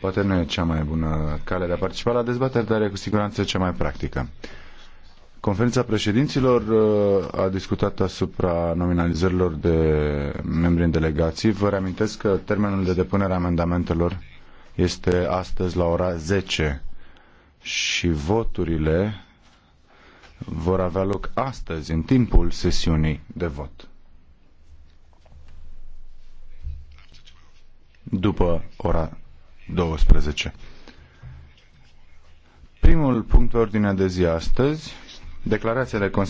Poate nu e cea mai bună cale de a participa la dezbateri, dar e cu siguranță cea mai practică. Conferința președinților uh, a discutat asupra nominalizărilor de membri în delegații. Vă reamintesc că termenul de depunere a amendamentelor este astăzi la ora 10 și voturile vor avea loc astăzi, în timpul sesiunii de vot. După ora 12. Primul punct pe ordinea de zi astăzi, declarațiile Consiliului